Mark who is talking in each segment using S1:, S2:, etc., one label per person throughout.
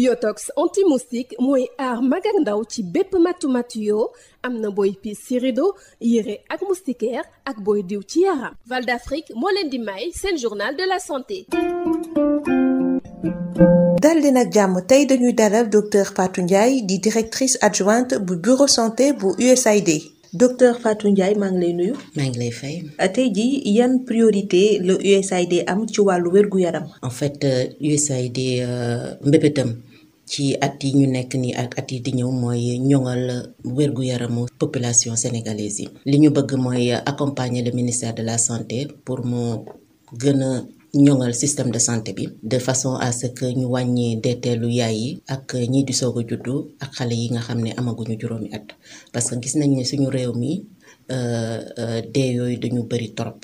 S1: yotox anti-moustique mooy aar mag ak ndaw ci bépp matu-matu yoo am na booy piis ci rido yére ak moustiquaire ak booy diw ci yaram Val d'Afrique moo leen di may seen journal de la santé
S2: dal leen ak jàmm tey dañuy dalal docteur Fatou Ndiaye di directrice adjointe bu bureau santé bu USAID docteur Fatou Ndiaye maa ngi lay nuyu.
S3: maa ngi lay fay. Euh, tey jii yan priorité la USAID am ci wàllu wérgu yaram. en fait USAID euh, euh, mbébétam ci at yi ñu nekk nii ak at yi di ñëw mooy ñoŋal wérgu yaramu population sénégalaise yi. li ñu bëgg mooy accompagner le ministère de la santé pour moo gën ñoŋal système de santé bi de façon à ce ñu wàññi deeteelu yaay yi ak ñii di soog a juddu ak xale yi nga xam ne amaguñu juróomi at parce que gis nañ ne suñu réew mi euh, euh, dee yooyu dañu bëri torop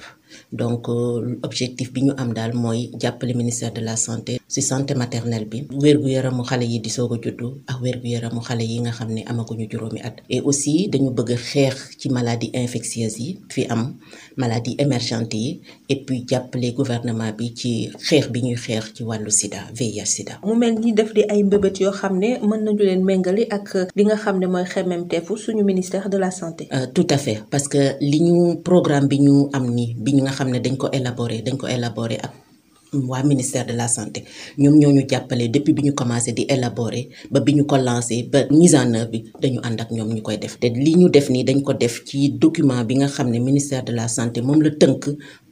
S3: donc euh, objectif bi ñu am daal mooy jàppale ministère de la santé ci santé maternelle bi wér-gu-yaramu xale yi di soo a juddu ak wér-gu-yaramu xale yi nga xam ne amaguñu juróomi at et aussi dañu bëgg a xeex ci maladie infectieuse yi fi am maladie émergente yi et puis jàppale gouvernement bi ci xeex bi ñuy xeex ci wàllu sida VIH sida
S2: mu mel ni def di ay mbëbët yoo xam ne mën nañu leen méngale ak li nga xam ne mooy xemmemteefu suñu ministère de la santé
S3: euh, tout à fait parce que li ñu bi ñu am nga xam ne dañ ko élaborer dañ ko élaborer ak waa ministère de la santé ñoom ñoo ñu jàppale depuis bi ñu commencé di élaborer ba bi ñu ko lancé ba mise en œuvre bi dañu ànd ak ñoom ñu koy def te li ñu def nii dañ ko def ci document bi nga xam ne ministère de la santé moom la tënk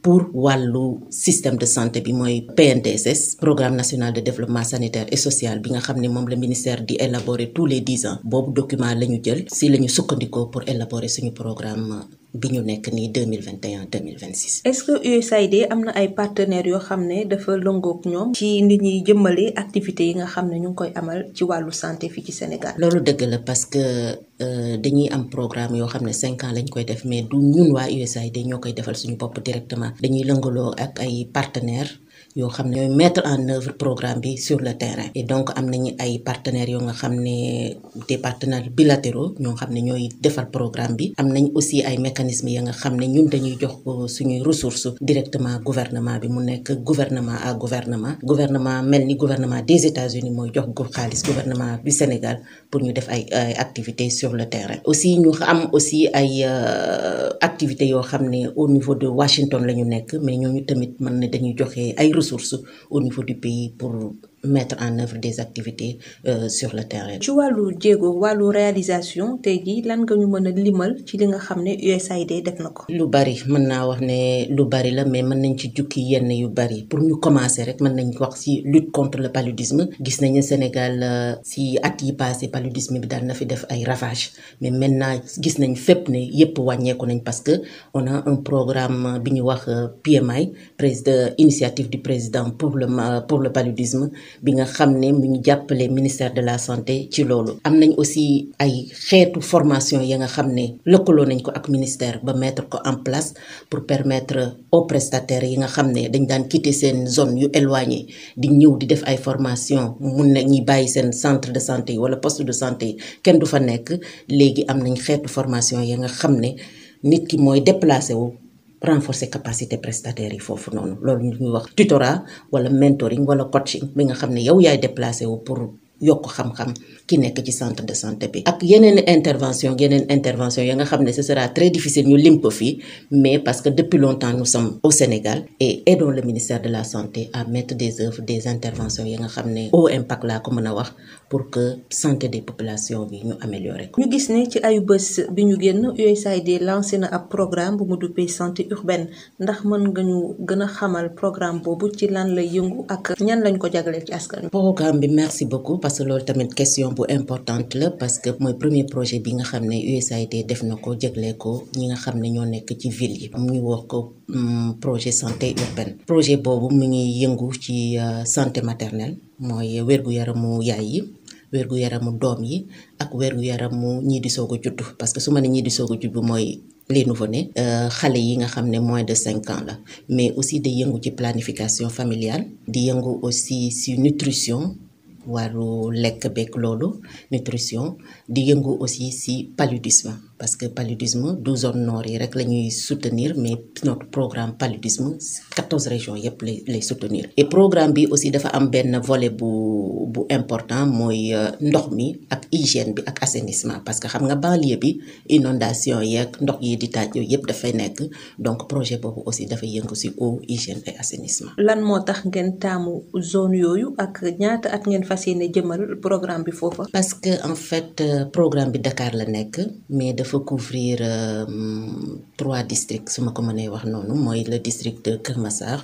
S3: pour wàllu système de santé bi mooy PNDSS programme national de développement sanitaire et social bi nga xam ne moom la ministère di élaborer tous les dix ans boobu document la ñu jël si la ñu sukkandikoo pour élaborer suñu programme bi ñu nekk nii 2021 2026.
S2: est-ce que USAID am na ay partenaires yoo xam ne dafa lëngoog ñoom. ci nit ñuy jëmale activités yi nga xam ne ñu ngi koy amal ci wàllu santé fii ci Sénégal.
S3: loolu dëgg la parce que euh, dañuy am programme yoo xam ne cinq ans lañ koy def mais du ñun waa USAID ñoo koy defal suñu bopp directement. dañuy lëngaloo ak ay partenaires. yoo xam ne ñooy mettre en œuvre programme bi sur le terrain. et donc am nañu ay partenaires yoo nga xam ne des partenaires bilatéraux ñoo xam ne ñooy defal programme bi. am nañ aussi ay mécanismes ya nga xam ne ñun dañuy jox ko suñuy ressources directement gouvernement bi mu nekk gouvernement ak gouvernement. gouvernement mel ni gouvernement des États-Unis mooy jox ko xaalis gouvernement du Sénégal pour ñu def ay activité sur le terrain. aussi ñu am aussi ay euh, activité yoo xam ne niveau de Washington la ñu nekk mais ñooñu tamit mën na dañuy ressources au niveau du pays pour mettre en œuvre des activités euh, sur le terrain.
S2: ci wàllu jéego wàllu réalisation tey jii lan nga ñu mën a limal ci li nga xam ne USAID def na ko.
S3: lu bari mën naa wax ne lu bari la mais mën nañ ci jukki yenn yu bari pour ñu commencer rek mën nañ wax ci lutte contre le paludisme gis nañu Sénégal si euh, at yi passé paludisme bi daal na fi def ay ravages mais maintenant gis nañ fépp ne yépp wàññeeku nañ parce que on a un programme bi ñu wax euh, PMI président initiative du président pour le pour le paludisme. bi nga xam ne mu ñu jàppalee ministère de la santé ci loolu. am nañ aussi ay xeetu formation ya nga xam ne lëkkaloo nañ ko ak ministère ba mettre ko en place pour permettre aux prestataires yi nga xam ne dañ daan quitter seen zone yu éloigné di ñëw di def ay formation mun na ñuy bàyyi seen centre de santé wala poste de santé kenn du fa nekk léegi am nañ xeetu formation ya nga xam ne nit ki mooy déplacé wu. renforcer capacité prestataires yi foofu noonu loolu ñu ñuy wax tutorat wala mentoring wala coaching bi nga xam ne yow yaay déplacé wu pour yokk xam-xam ki nekk ci centre de santé bi. ak yeneen intervention yeneen intervention ya nga xam ne ce sera très difficile ñu lim ko fii mais parce que depuis longtemps nous sommes au Sénégal et aidons le ministère de la santé à mettre des œuvres des interventions ya nga xam ne au impact laa ko mën a wax pour que santé des populations bi ñu améliorer
S2: ko. ñu gis ne ci ayu bi ñu génn USAID lancé na ab programme bu mu duppee santé urbaine ndax mën nga a xamal programme boobu ci lan lay yëngu ak ñan lañ ko jagleel ci askan
S3: parce que tamit question bu importante la parce mooy premier projet bi nga xam ne USAID def na ko jëglee ko ñi nga xam ne ñoo nekk ci ville yi mu ngi wax ko projet santé projet boobu mu ngi yëngu ci euh, santé maternelle mooy wérgu yaramu yaay yi wérgu yaramu doom yi ak wérgu yaramu ñii di soog a juddu parce que su ma ne ñii di soog a juddu mooy les nouveau-nés euh, xale yi nga xam ne moins de cinq ans la mais aussi day yëngu ci planification familiale di yëngu aussi si nutrition waru lekk beeg loolu nutrition di yëngu aussi si paludisme parce que paludisme douze zones nord yi rek la ñuy soutenir mais notre programme paludisme quatorze régions yëpp lay lay soutenir. et programme bi aussi dafa am benn volet bu bu important mooy euh, ndox mi ak hygiène bi ak assainissement parce que xam nga banlieue bi inondation yeeg ndox yi di taaj yooyu yëpp dafay nekk donc projet boobu aussi dafay yëngu si eau hygiène et assainissement.
S2: lan moo tax ngeen taamu zone yooyu ak ñaata at ngeen fas yéene jëmal programme bi foofa.
S3: parce que en fait euh, programme bi Dakar la nekk dafa couvrir euh, trois districts su ma ko mënee wax noonu mooy le district de Kër Massar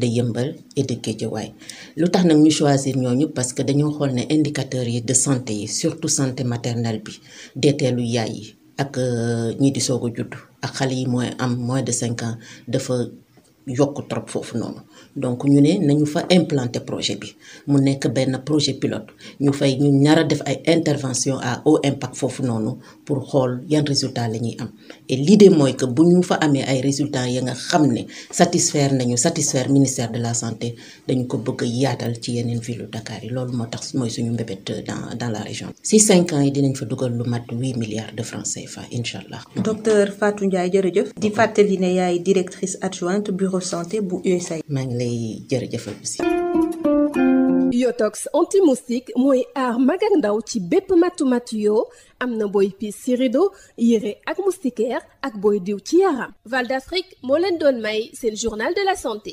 S3: de Yëmbal et de Guédiawaye lu tax nag ñu choisir ñooñu parce que dañoo xool ne indicateurs yi de santé yi surtout santé maternelle bi deeteelu yaay yi ak euh, ñi di soog a judd ak xale yi mooy am mois de cinq ans dafa yokk trop foofu noonu donc ñu ne nañu fa implanter projet bi mu nekk benn projet pilote ñu fay ñu ñaar def ay intervention à haut impact foofu noonu pour xool yan résultat la ñuy am et de mooy que bu ñu fa amee ay résultats ya nga xam ne satisfaire nañu satisfaire ministère de la santé dañu ko bëgg a yaatal ci yeneen villes Dakar yi loolu moo tax mooy suñu mbebet dans dans la région si cinq ans yi dinañ fa dugal lu mat huit milliards de francs CFA incha allah. centre santé bu maa ngi lay jërëjëfal aussi.
S1: yotox anti moustique mooy aar mag ndaw ci bépp matu matu yoo am na booy piis ci rido yére ak moustiquaire ak booy diw ci yaram. Val d'Afrique moo leen doon may seen journal de la santé.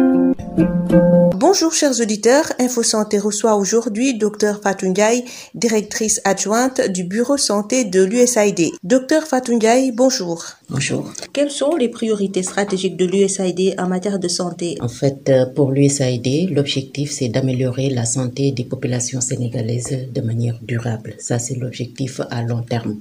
S1: Bonjour chers auditeurs,
S2: Info Santé reçoit aujourd'hui Dr Fatou directrice adjointe du bureau santé de l'USAID. Dr Fatou bonjour. Quelles sont les priorités stratégiques de l'USAID en matière de santé
S3: En fait, euh, pour l'USAID, l'objectif c'est d'améliorer la santé des populations sénégalaises de manière durable. Ça c'est l'objectif à long terme.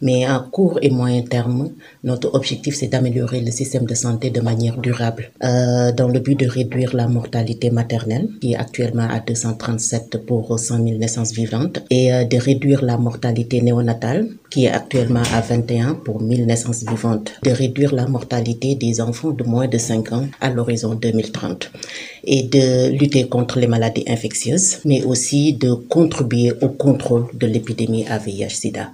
S3: Mais à court et moyen terme, notre objectif, c'est d'améliorer le système de santé de manière durable, euh, dans le but de réduire la mortalité maternelle, qui est actuellement à 237 pour 100 000 naissances vivantes, et euh, de réduire la mortalité néonatale, qui est actuellement à 21 pour 1000 naissances vivantes, de réduire la mortalité des enfants de de 5 ans à l'horizon 2030, et de lutter contre les maladies aussi de contribuer au de l'épidémie à VIH-Sida.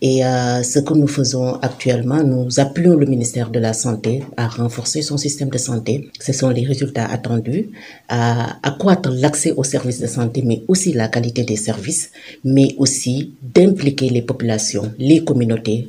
S3: que nous faisons actuellement, nous appelons le ministère de la Santé à renforcer son système de santé. Ce sont les résultats attendus, à accroître l'accès aux services de santé, mais aussi la qualité des services, mais aussi d'impliquer les populations, les communautés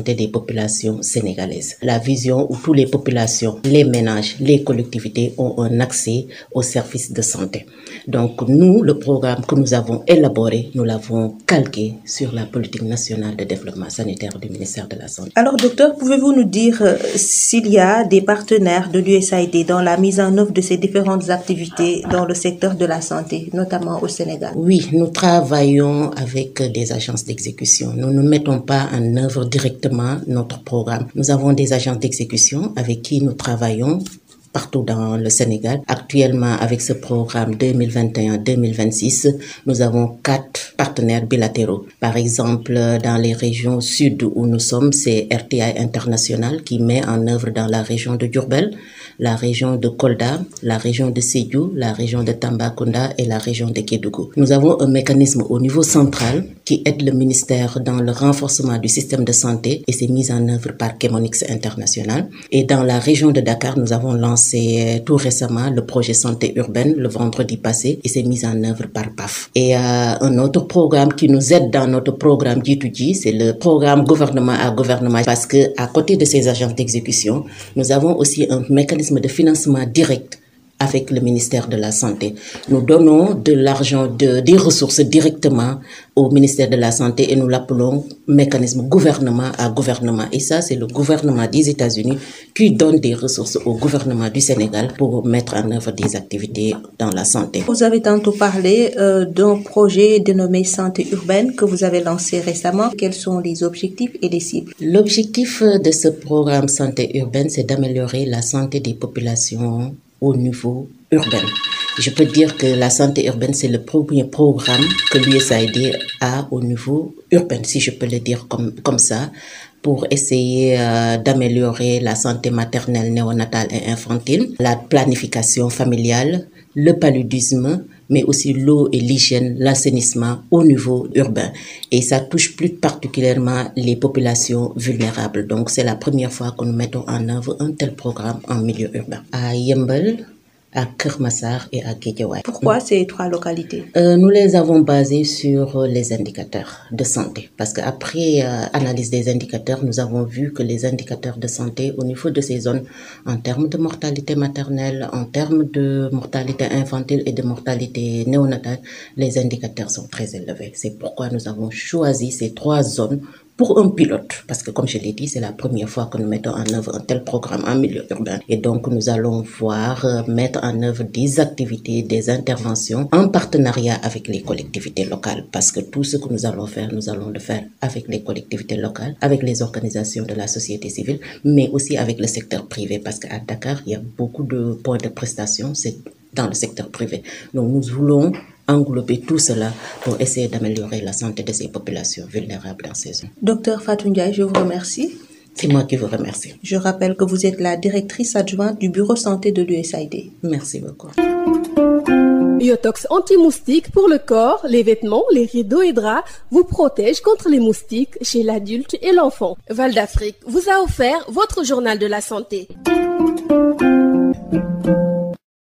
S3: santé des populations sénégalaises. La vision où toutes les populations, les ménages, les collectivités ont un accès aux services de santé. Donc nous, le programme que nous avons élaboré, nous l'avons calqué sur la politique nationale de développement sanitaire du ministère de la Santé. Alors
S2: docteur, pouvez-vous nous dire euh, s'il y a des partenaires de l'USAID dans la mise en œuvre de ces différentes activités dans le secteur de la santé, notamment au Sénégal
S3: Oui, nous des agences d'exécution. concrètement notre programme. Nous avons des agents d'exécution avec qui nous travaillons partout dans le Sénégal. Actuellement, avec ce programme 2021-2026, nous avons quatre partenaires bilatéraux. Par exemple, dans les régions sud où nous sommes, c'est RTI International qui met en œuvre dans la région de Durbel, la région de Kolda, la région de Sédiou, la région de Tambacounda et la région de Kédougou. Nous avons un mécanisme au niveau central qui aide le ministère dans le renforcement du système de santé et c'est mis en œuvre par Chemonix International. Et lancé euh, tout récemment le projet santé urbaine le vendredi passé et c'est mis en œuvre par PAF. Et euh, un autre programme qui nous aide dans notre programme G2G, c'est le programme gouvernement à gouvernement parce que à côté de ces agences d'exécution, nous avons aussi un mécanisme de financement direct avec le ministère de la Santé. Nous donnons de l'argent, de, des ressources directement au ministère de la Santé et nous l'appelons mécanisme gouvernement à gouvernement. Et ça, c'est le gouvernement des États-Unis qui donne des ressources au gouvernement du Sénégal pour mettre en œuvre des activités dans la santé.
S2: Euh, projet dénommé Santé urbaine que vous avez lancé récemment. Quels sont les objectifs
S3: et L'objectif de ce programme Santé urbaine, c'est d'améliorer la santé des populations au niveau urbain. Je peux dire que la santé urbaine, c'est le premier programme que l'USAID a au niveau urbain, si je peux le dire comme, ça, pour essayer euh, d'améliorer la santé maternelle, néonatale et infantile, la planification familiale, le paludisme, mais aussi l'eau et l'hygiène, l'assainissement au niveau urbain. Et ça touche plus particulièrement les populations vulnérables. Donc c'est la première fois que nous mettons en œuvre un tel programme en milieu urbain. À Yembel, à Kermassar et à Guédiawaye. Pourquoi
S2: ces trois localités
S3: euh, Nous les avons basées sur euh, les indicateurs de santé parce qu'après euh, analyse des indicateurs, nous avons vu que les indicateurs de santé au niveau de ces zones en termes de mortalité maternelle, en termes de mortalité infantile et de mortalité néonatale, les indicateurs sont très élevés. C'est pourquoi nous avons choisi ces trois zones pour un pilote, parce que comme je l'ai dit, c'est la première fois que nous mettons en œuvre un tel programme en milieu urbain. Et donc, nous allons voir euh, mettre en œuvre des activités, des interventions en partenariat avec les collectivités locales, parce que tout ce que nous allons faire, nous allons le faire avec les collectivités locales, avec les organisations de la société civile, mais aussi avec le secteur privé, parce qu'à Dakar, il y a beaucoup de points de prestation, c'est dans englober tout cela pour essayer d'améliorer la santé de ces populations vulnérables dans ces zones.
S2: Docteur Fatou Ndiaye, je vous remercie. C'est rappelle que vous êtes la directrice adjointe du bureau
S1: santé de l'USAID.
S3: Merci beaucoup.
S1: pour le corps, les vêtements, les rideaux et draps vous protège contre les moustiques chez l'adulte et l'enfant. Val d'Afrique vous a offert votre journal de la santé.